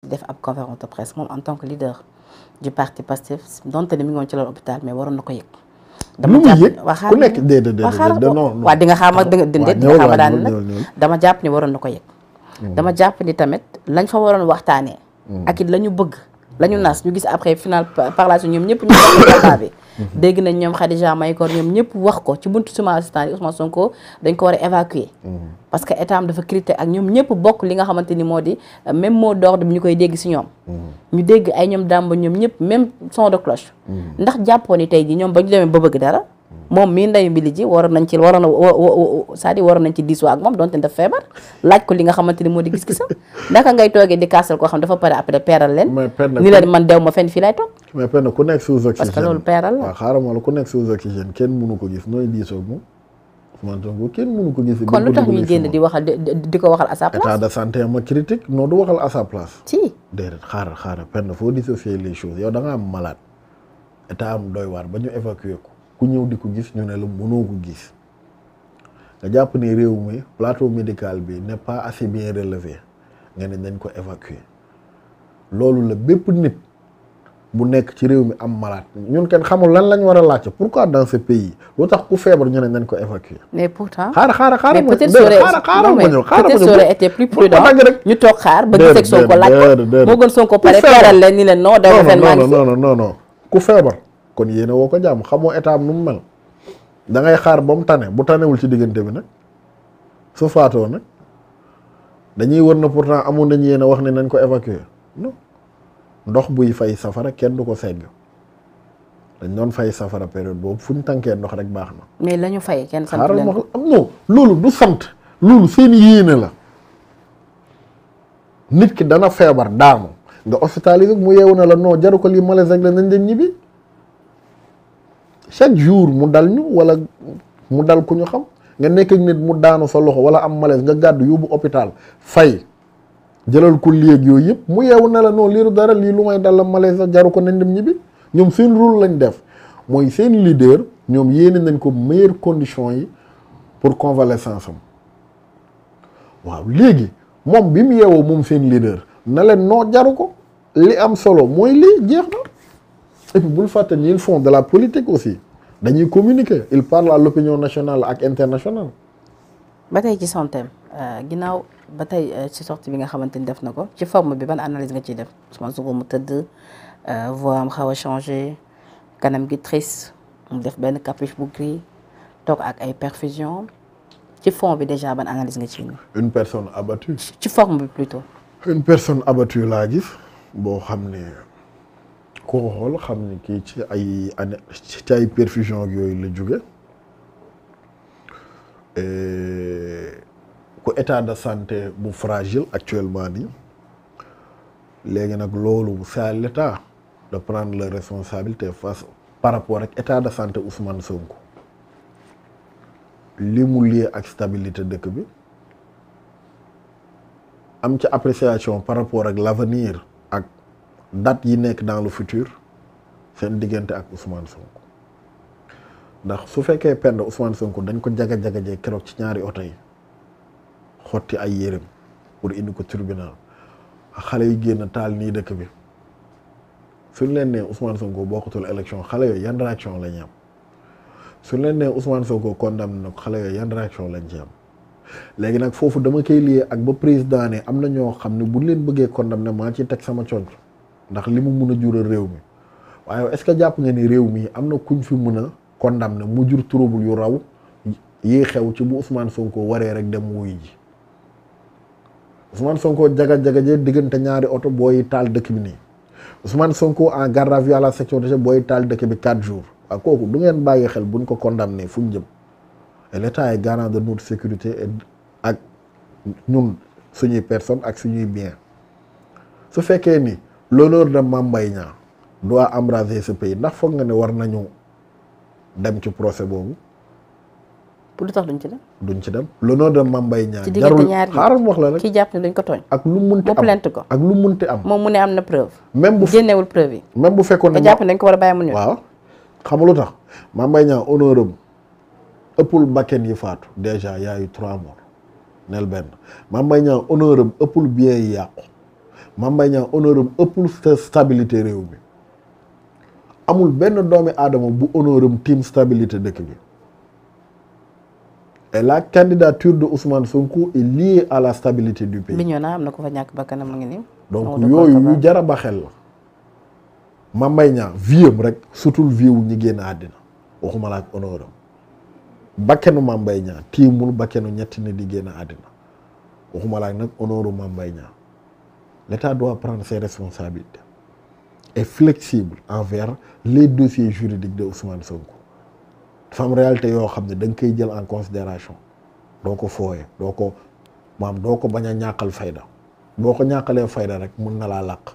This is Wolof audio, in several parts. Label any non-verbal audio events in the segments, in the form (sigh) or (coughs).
def ab conférence de presse moom en tant que leader du parti Pastef donte ne mi ngi woon dama jàpp ni waroon na ko yëg. dama jàpp ni tamit lañ fa waroon waxtaanee. Mm. ak it bëgg la ñu mm. ñu gis après final par la ñëpp ñu bi. dégg nañ ñoom Khadija Mahécor ñoom ñëpp wax ko ci buntu suma assistant yi Ousmane Sonko dañ ko war a évacuer parce que état am dafa crité ak ñoom ñëpp bokk li nga xamante ni moo di euh, même mot d'ordre bi ñu koy dégg si ñoom ñu dégg ay ñoom dàmb ñoom ñëpp même son de cloche mm. ndax jàppoo ni tey jii ñoom ba ñu demee ba bëgg dara moom mii ndeyu mbili ji waroon nañ ci waroon a c'est-à-dire waroon nañ ci diisoo ak moom donte feebar laaj ko li nga xamante ni moo di gis-gisam (laughs) naka ngay toogee di kaasal koo xam dafa pare après peeral leen ni la man dew ma fenn fii lay toog ko gis nooy diisoo moom Ousmane Sonko kenn mënu ko kon lu tax ñuy génn di waxal di ko waxal à sa place état de santé ma critique non xaaral xaaral penn foo dissocier les choses yow da nga am malade état am doy waar ba ñu évacuer ku ñëw di ko gis ñu ne la mënoo ko gis nga jàpp ne réew mi plateau médical bi n'est pas assez bien relevé nga ne nañ ko évacuer loolu la bépp nit bu nekk ci réew mi am malade ñun kenn xamul lan lañ war a laajte pourquoi dans ce pays lu tax ku feebar ñu ne nañ ko évacuer. mais pourtant xaaral xaaral xaaral ma xaaral xaaral ma ñu toog xaar ba gis ak Sonko laaj moo gën Sonko pare teeral leen ni leen non. non non non ku feebar. kon yéene woo ko jàmm xamoo état am nu mu mel da xaar ba mu tane bu tanewul ci diggante bi nag su faatoo nag dañuy wër na pourtant amoon nañ yéene wax ne nañ ko évacuer non ndox buy fay safara kenn du ko segg dañ doon fay safara période boobu fu ñu tànkee ndox rek baax na. mais la ñu fay kenn sant leen loolu du sant loolu seen yéene la nit ki dana feebar daanu nga hospitalisé mu yeewu na la non jaru ko lii malaise rek la nañ dem ñibbi. chaque jour mu dal ñu walla mu dal ku ñu xam nga nekk ak nit mu daanu sa loxo wala am malaise nga gàddu yóbbu hôpital fay jëlal ko léeg yooyu yëpp mu yeewu na la non liiru dara lii lu may dal la malaise jaru ko nañ dem ñibbi ñoom seen rôle lañ def mooy seen leader ñoom yéene nañ ko meilleures conditions yi pour convalescence am waaw léegi moom bi mu yeewoo moom seen leader na leen noo jaru ko li am solo mooy lii jeex na. et puis bul fàtte ni ils de la politique aussi dañuy communiquer ils parlent à l'opinion nationale ak internationale. ba tey ci son thème euh, ginnaaw ba tey euh, ci sorti bi nga xamante ni def na ko ci forme bi ban analyse nga ciy def Ousmane Sonko mu tëdd euh, voix am xaw a changé kanam gi triste mu def benn capuche bu gris toog ak ay perfusion ci fond bi déjà ban analyse nga ciy une personne abattue. ci forme bi plutôt. une personne abattue laa gis boo xam ne. ko xool xam ni kii ci ay an ci ay perfusion ak yooyu la jóge ku état de santé bu fragile actuellement nii léegi nag loolu c'est à de prendre la responsabilité face par rapport ak état de santé Ousmane Sonko li mu lié ak stabilité dëkk bi am ci appréciation par rapport ak l'avenir dat yi nekk dans le futur seen diggante ak Ousmane Sonko ndax su fekkee pend Ousmane Sonko dañ ko jaga jaga jee keroog ci ñaari oto yi xotti ay yérem pour indi ko tribunal xale yu génn taal nii dëkk bi suñ leen nee Ousmane boo bokkatul élection xale yooyu yan réaction la ñu am suñ leen nee Ousmane Sonko condamné na ko xale yooyu yan réaction lañ ci am léegi nag foofu dama koy lii ak ba président ne am na ñoo xam ne buñ leen bëggee condamné maa ci teg sama conc ndax li mu mun a jural réew mi waaye est-ce que jàpp nga ni réew mi am na kuñ fi mën a condamné mu jur trouble yu raw yi xew ci bu Ousmane Sonko waree rek dem wuy ji Ousmane Sonko jaga-jaga jee diggante ñaari oto booy taal dëkk bi nii Ousmane Sonko en garde à à la section de booy taal dëkk bi 4 jours waaw kooku du ngeen bàyyi xel buñ ko condamné fu ñu jëm et l'État est garant de notre sécurité ak ñun suñuy personne ak suñuy bien su fekkee ni l'honneur de Mame Mbaye Niang doit embraser ce pays ndax foog nga ne war nañu dem ci procès boobu. pour lu tax duñ ci dem. duñ ci dem l'honneur de Mame Mbaye Niang. ci diggante ñaar xaaral wax la rek. kii jàpp ne dañ ko tooñ. ak lu munti am mu ko. ak lu munti am. moom mu ne am na preuve. même bu génnewul preuve yi. même bu fekkoon ne ma jàpp ne dañ ko war a bàyyi mu ne. waaw xam lu tax Mame Mbaye Niang honneur am ëppul bakken yi faatu déjà y a eu trois morts nel benn Mame Mbaye Niang honneur am ëppul bien yi yàqu. Mame Mbaye Niang honneur stabilité réew mi amul benn doomi aadama bu honneur am stabilité dëkk bi et la candidature de Ousmane Sonko est liée à la stabilité du pays. Bignona am na ko fa ñàkk bakkanam mu ngi nii. donc yooyu yu jar a xel la. Mame Mbaye Niang rek sutul vie ñi génn àddina waxuma la ak honneur am bakkenu Mame Mbaye tiimul bakkenu ñetti nit di génn àddina waxuma la nag honneur Mame Mbaye l'État doit prendre ses responsabilités et flexible envers les dossiers juridiques de Ousmane Sonko dafa am réalité yoo xam ne danga nga koy jël en considération doo ko fooyee doo ko maam doo ko bañ a ñàkkal fayda boo ko ñàkkalee fayda rek mun na laa làq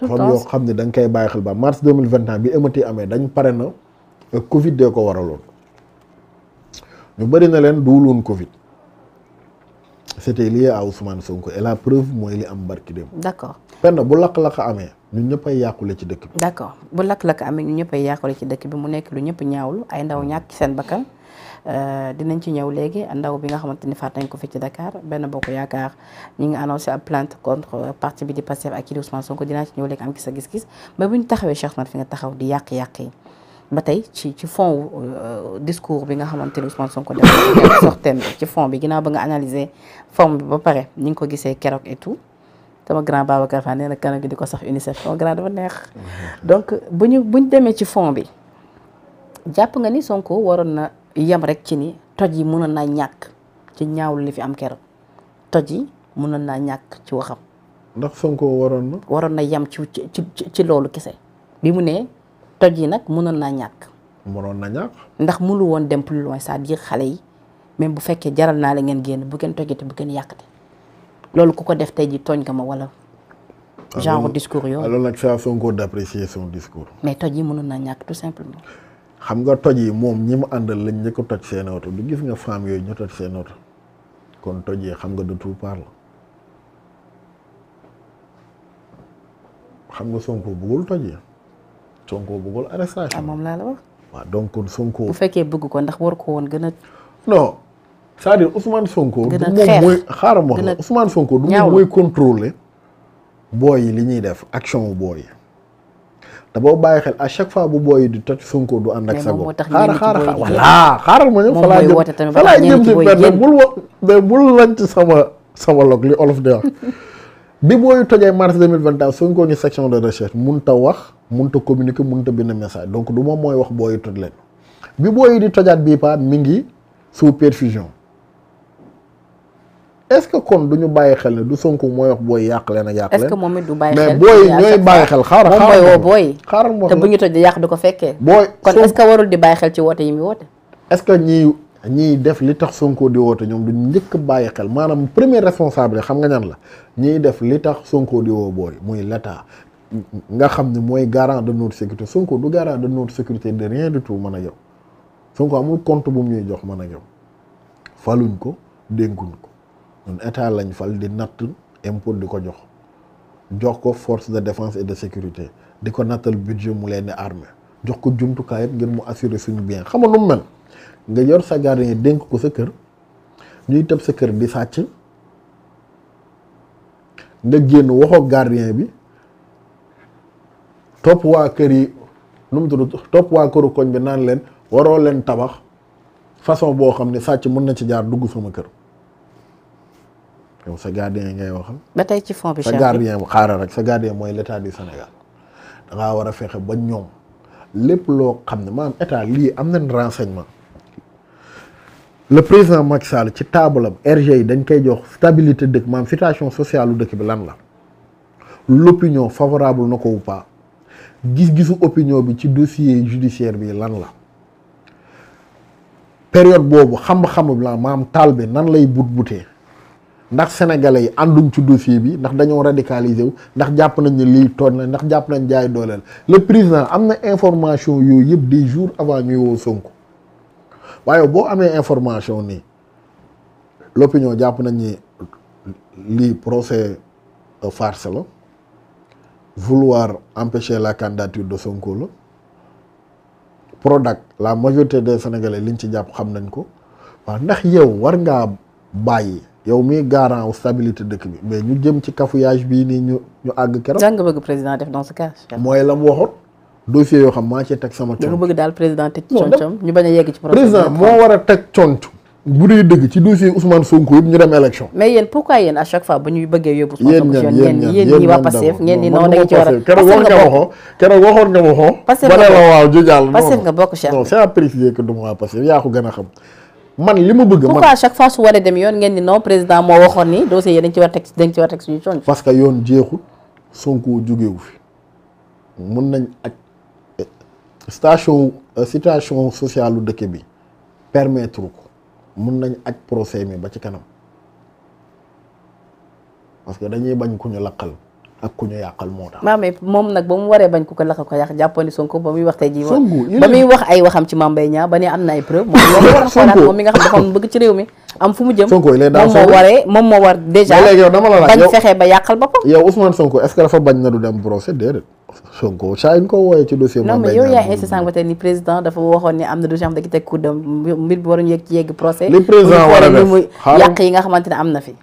dafa yoo xam ne da nga koy bàyyi xel ba mars 2021 bi émeutes amee dañ pare na Covid dee ko waraloon ñu bëri na leen duwuloon Covid c'était lié à Ousmane Sonko et a preuve mooy li am barki dem. d'accord penn bu lakk-lakk amee ñun ñëpp ay yàqule ci dëkk bi. d'accord bu lakk-lakk amee ñun ñëpp ay yàqule ci bi mu nekk lu ñëpp ñaawlu ay ndaw ñàkk ci seen bakkan euh, dinañ ci ñëw léegi ndaw bi nga xamante ni faat nañ ko fi ci Dakar benn bokk yaakaar ñi ngi annoncé ab plainte contre parti bi di Pastef ak kii di Ousmane Sonko dinaa ci ñëw léegi am gis a gis-gis mais bu ñu taxawee Cheikh Oumar fi nga taxaw di yàq-yàq ba tey ci ci fond euh, discours bi nga xamante ni Ousmane Sonko def (coughs) sortem ci fon bi ginnaaw ba nga analyser forme bi ba pare ni nga ko gisee keroog et tout sama grand Babacar Fall gi di ko sax UNICEF sama grand dafa neex mm-hmm. donc bu buñ demee ci fond bi jàpp nga ni Sonko waroon na yem rek ci ni toj yi mënoon naa ñàkk ci ñaawlu li fi am keroog toj yi mënoon naa ñàkk ci waxam. ndax Sonko waroon na. waroon na yem ci ci ci loolu kese bi mu ne. toj yi nag mënoon naa ñàkk. mënoon na ñàkk. ndax mënu woon dem plus loin c'est-à-dire xale yi même bu fekkee jaral naa la ngeen génn bu ngeen tojjate bu ngeen yàqate loolu ku ko def tey ji tooñ nga ma wala. Ah, genre discours yooyu. alors ah, nag ça Sonko d'apprécier son discours. mais toj yi mënoon naa ñàkk tout simplement. xam nga toj yi moom ñi mu àndal lañ ñu ko toj seen oto du gis nga femme yooyu ñu toj seen oto kon toj xam nga de tout part xam nga Sonko bëggul toj yi Sonko bëggul arrestation. ah moom laa la wax. kon Sonko. bu fekkee bëgg ko ndax war ko woon gën a. non c'est-à-dire Ousmane Sonko. gën a xeex du moom mooy xaaral mooy contrôler. booy yi li ñuy def action wu booy yi te boo bàyyi xel à chaque fois bu booy yi di toj Sonko du ànd ak sa bopp. xaaral xaaral voilà xaaral ma ñëw. moom mooy woote tamit balaa ñëw ci booy yi bul wo bul lañ sama sama li olof di wax. bi booy tojee mars 2021 Sonko ngi section de recherche mun ta wax mun ta communiquer mun ta bind message donc du moom mooy wax booy toj leen bi booy di tojaat bii paa mi ngi sous perfusion est-ce que kon du ñu bàyyi xel ne du Sonko mooy wax booy yàq leen a yàq leen. que moom it du bàyyi xel mais booy ñooy bàyyi xel. xaaral xaaral moom mooy xaaral te bu ñu toj yàq du ko fekkee. booy kon est warul di bàyyi xel ci woote yi muy woote. est que ñii ñiy def li tax Sonko di woote ñoom du njëkk bàyyi xel maanaam première responsable xam nga ñan la ñiy def li tax Sonko di woo booy muy l'état nga xam ne mooy garant de notre sécurité Sonko du garant de notre sécurité de rien du tout man ak yow Sonko amul compte bu mu ñuy jox man a yow faluñ ko dénkuñ ko ñun état lañ fal di natt impôt di ko jox jox ko force de défense et de sécurité di ko nattal budget mu leen di armée jox ko jumtukaay yëpp ngir mu assurer suñu bien xam nga mu mel. nga yor sa gardien dénk ko sa kër ñuy tëb sa kër di sàcc nga génn waxoo gardien bi topp waa kër yi nu mu tudd topp waa këru koñ bi naan leen waroo leen tabax façon boo xam ne sàcc mën na ci jaar dugg sama kër yow sa gardien ngay waxal. ba tey ci fond bi sa gardien xaaral rek sa gardien mooy l' état du Sénégal da war a fexe ba ñoom lépp loo xam ne maanaam état lii am nañ renseignement. le président Macky Sall ci taabalam RG yi dañ koy jox stabilité dëkk maam situation sociale lu dëkk bi lan la l'opinion favorable na ko ou gis-gisu opinion bi ci dossier judiciaire bi lan la période boobu xam-xam bi la maam taal bi nan lay but butee ndax sénégalais yi ànduñ ci dossier bi ndax dañoo radicaliser wu ndax jàpp nañ ne lii toon na ndax jàpp nañ jaay dooleel le président am na information yooyu yëpp des jour avant ñuy woo Sonko waaye boo amee information nii l'opinion jàpp nañ ni lii procès farce la vouloir empêcher la candidature de Sonko la Prodac la majorité de sénégalais liñ ci jàpp xam nañ ko waaw ndax yow war ngaa bàyyi yow miy garant wu stabilité dëkk bi mais ñu jëm ci cafouillage bii nii ñu ñu àgg keroog. lan nga bëgg président def dans ce mooy la mu waxoon. dossier yoo xam maa cee teg sama. coono da nga bëgg daal président teg concom ñu bañ a yegg ci problème président moo war a teg conc bu dee dëgg ci dossier Ousmane Sonko yëpp ñu dem élection. mais yaa ko gën a xam. man li ma bëgg man pourquoi à chaque fois su waree dem yoon ngeen ni non président moo waxoon ni dossier yi dañ ci war a dañ ci war a teg suñu coono. yoon jeexut Sonko jógewu fi station euh, situation social lu dëkk bi permettre ko mun nañ ak procès mi ba ci kanam parce que dañuy bañ ku ñu laqal ak ku ñu yàqal moo tax. mais moom nag ba mu waree bañ ku ko laqal ko yàq jàppandi Sonko ba muy wax tey jii. ba wax ay waxam ci Mame Mbaye Niang ba ne am na ay preuve. moom loolu a moom bëgg ci réew mi. am mu jëm Sonko il est dans moom moo waree moom moo war dèjà. ba léegi yow dama la ba yàqal yow Ousmane Sonko est-ce que dafa bañ na du dem procès déedéet. Sonko saa yu ñu ko wooyee ci dossier. non mais yow yaay insisté sànq ba tey ni président dafa waxoon ne am na dossier yoo xamante ne ku dem mbir bi waruñu yegg ci yegg procès. li président war a def muy yàq yi nga xamante ne am na fi.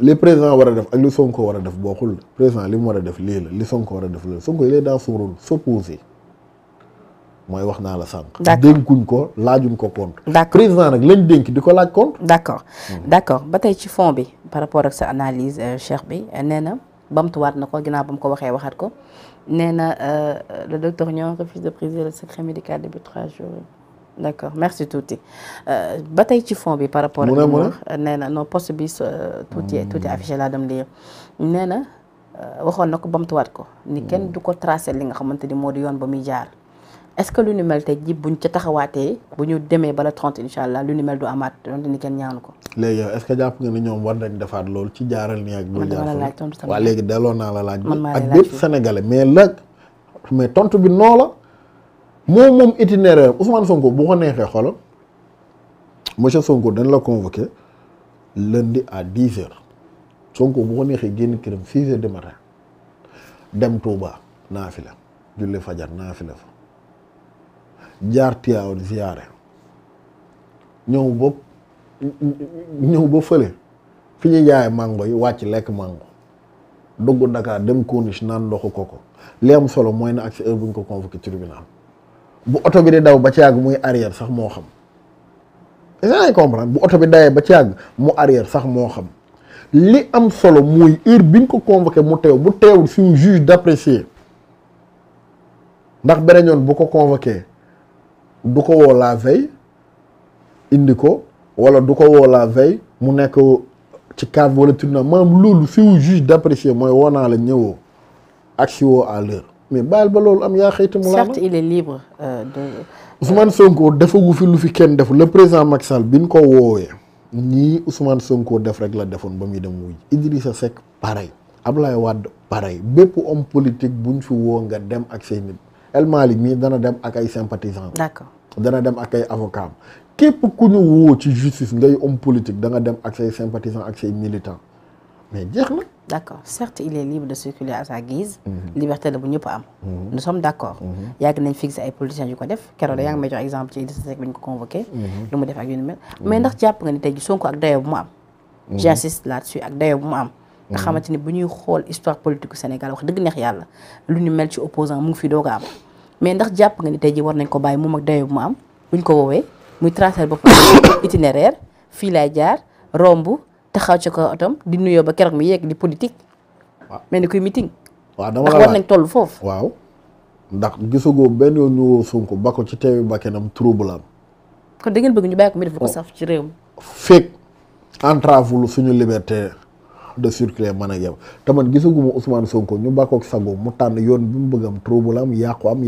li président war a def ak li Sonko war a def bokkul président li mu war a def lii la li Sonko war a def lii Sonko il est dans son rôle s'opposer mooy wax naa la sànq. d' accord dénkuñ ko laajuñ ko compte. d' accord président nag lañ dénk di ko laaj compte. d' accord hmm. d' accord ba tey ci fond bi par rapport ak sa analyse euh, Cheikh bi nee na. bamtuwaat na ko ginnaaw ba mu ko waxee waxaat ko nee na euh, euh, le docteur Niang refuse de briser le secret médical depuis trois jours d' accord merci tuuti euh, ba tey ci fond bi par rapport ak nee na non poste bi tuuti tuuti affiché laa dem lire nee na waxoon na ko bamtuwaat ko ni kenn du ko tracé li nga xamante ni moo di yoon ba muy jaar est-ce que lu ni mel tey ji buñ ca taxawaatee bu ñu demee bala 30 incha allah lu ni mel du amaat ko. léegi yow est-ce que jàpp nga loolu ci jaaral nii ak. bul jaaral waaw léegi delloo naa la laaj. man ak bépp sénégalais mais nag mais tontu bi noo la moom moom itinéraire Ousmane Sonko bu ko neexee xoolal monsieur Sonko dañ la convoqué lundi à 10 heures Sonko bu ko neexee génn këram 6 heures du matin dem Touba naafila julli fajar naafila fa. jaar Tiwaawan ziyaare ñëw ba ñëw ba fële fi ñu jaay mango yi wàcc lekk màngo dugg Dakar dem Corniche naan ndoxu ko li am solo mooy na ak si heure bu ñu ko convoqué tribunal bu oto bi di daw ba ci àgg muy arrière sax moo xam est comprendre bu oto bi dawee ba ci àgg mu arrière sax moo xam li am solo mooy heure bi ñu ko convoqué mu teew bu teewul si juge d'apprécier ndax beneen yoon bu ko convoqué. du ko woo la veille indi ko wala du ko woo la veille mu nekk ci cadre wala tribunal maanaam loolu fi wu juge d'apprécier mooy woo naa la ñëwoo ak si woo à l'heure mais bàyyil ba loolu am yaa xëyta mu laa certes il est euh, euh, defagu fi lu fi kenn def le président Macky bi ñu ko woowee nii Ousmane Sonko def rek la defoon ba muy dem wuy Idrissa Seck pareil Ablaye Wade pareil bépp homme politique bu buñ fi woo nga dem ak say nit El Malick mii dana dem ak ay sympathisants. d'accord dana dem ak ay avocats képp ku ñu woo ci justice ngay homme politique da nga dem ak say sympathisants ak say militants mais jeex na. d'accord certes il est libre de circuler à sa guise. Mhm. liberté la bu ñëpp am. Mhm. nous sommes d'accord. Mhm. yàgg nañ fixer ay politiciens yu def keroog da yaa ngi may exemple ci Idrissa Seck bi ñu ko convoqué. lu mu def ak yu mel. mais ndax jàpp nga ni tey jii Sonko ak dayoo bu bu mu am. nga a mais ndax jàpp nga ni tey ji war nañ ko bàyyi moom ak dayo bu mu am buñ ko woowee muy tracer boppam (coughs) itinéraire fii laay jaar romb taxaw ci ko otom di nuyoo ba keroog mi yegg di politique. waaw mel ni kuy meeting. waaw dama toll foofu. waaw ndax gisagoo benn yoon ñu ci teewi bakkanam trouble am. kon da bëgg ñu bàyyi ko mi def ko oh. saf ci réew mi. fekk entrave lu suñu liberté de circuler man ak yow te man gisaguma Ousmane Sonko ñu bàkkoog sago mu tànn yoon bi mu bëgg am trouble am yàqu am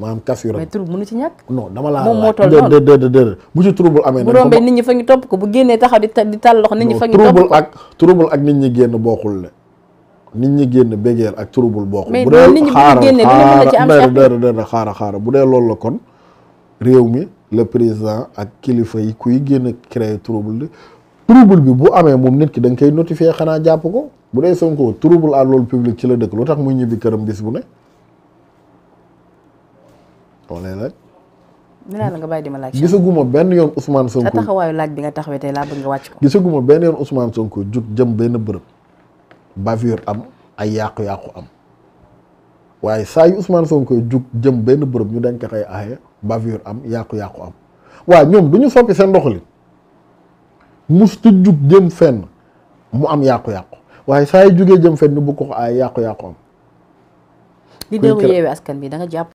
maanaam kafura mais trouble mënu ci ñàkk. non dama laa moom moo toll noonu dë dë dë bu ci trouble amee. bu rombee nit ñi fa ñu topp ko bu génnee taxaw di di loxo nit ñi fa ñu topp ko ak nit ñi génn bokkul ne nit ñi génn bégeer ak trouble bokkul. bu de xaaral xaaral dë dë bu dee loolu la kon réew mi le président ak kilifa yi kuy génn créer trouble trouble bi bu amee moom nit ki da nga koy notifier xanaa jàpp ko bu dee Sonko trouble à loolu public ci la dëkk lu tax muy ñibbi këram bis bu ne. on est nag. nee naa la nga bàyyi di ma laaj. gisaguma benn yoon Ousmane Sonko taxawaayu laaj bi nga taxawee tey laa bëgg nga wàcc ko. gisaguma benn yoon Ousmane Sonko jug jëm benn bërëb bavure am ay yàqu-yàqu am waaye saa yu Ousmane Sonko jug jëm benn bërëb ñu dañ ko xëy aaye bavure am yàqu-yàqu am waaw ñoom du ñu soppi seen doxalin mustu jug jëm fenn mu am yàqu-yàqu waaye saa yu jugee jëm fenn ñu bëgg ko ay yàqu-yàqu am.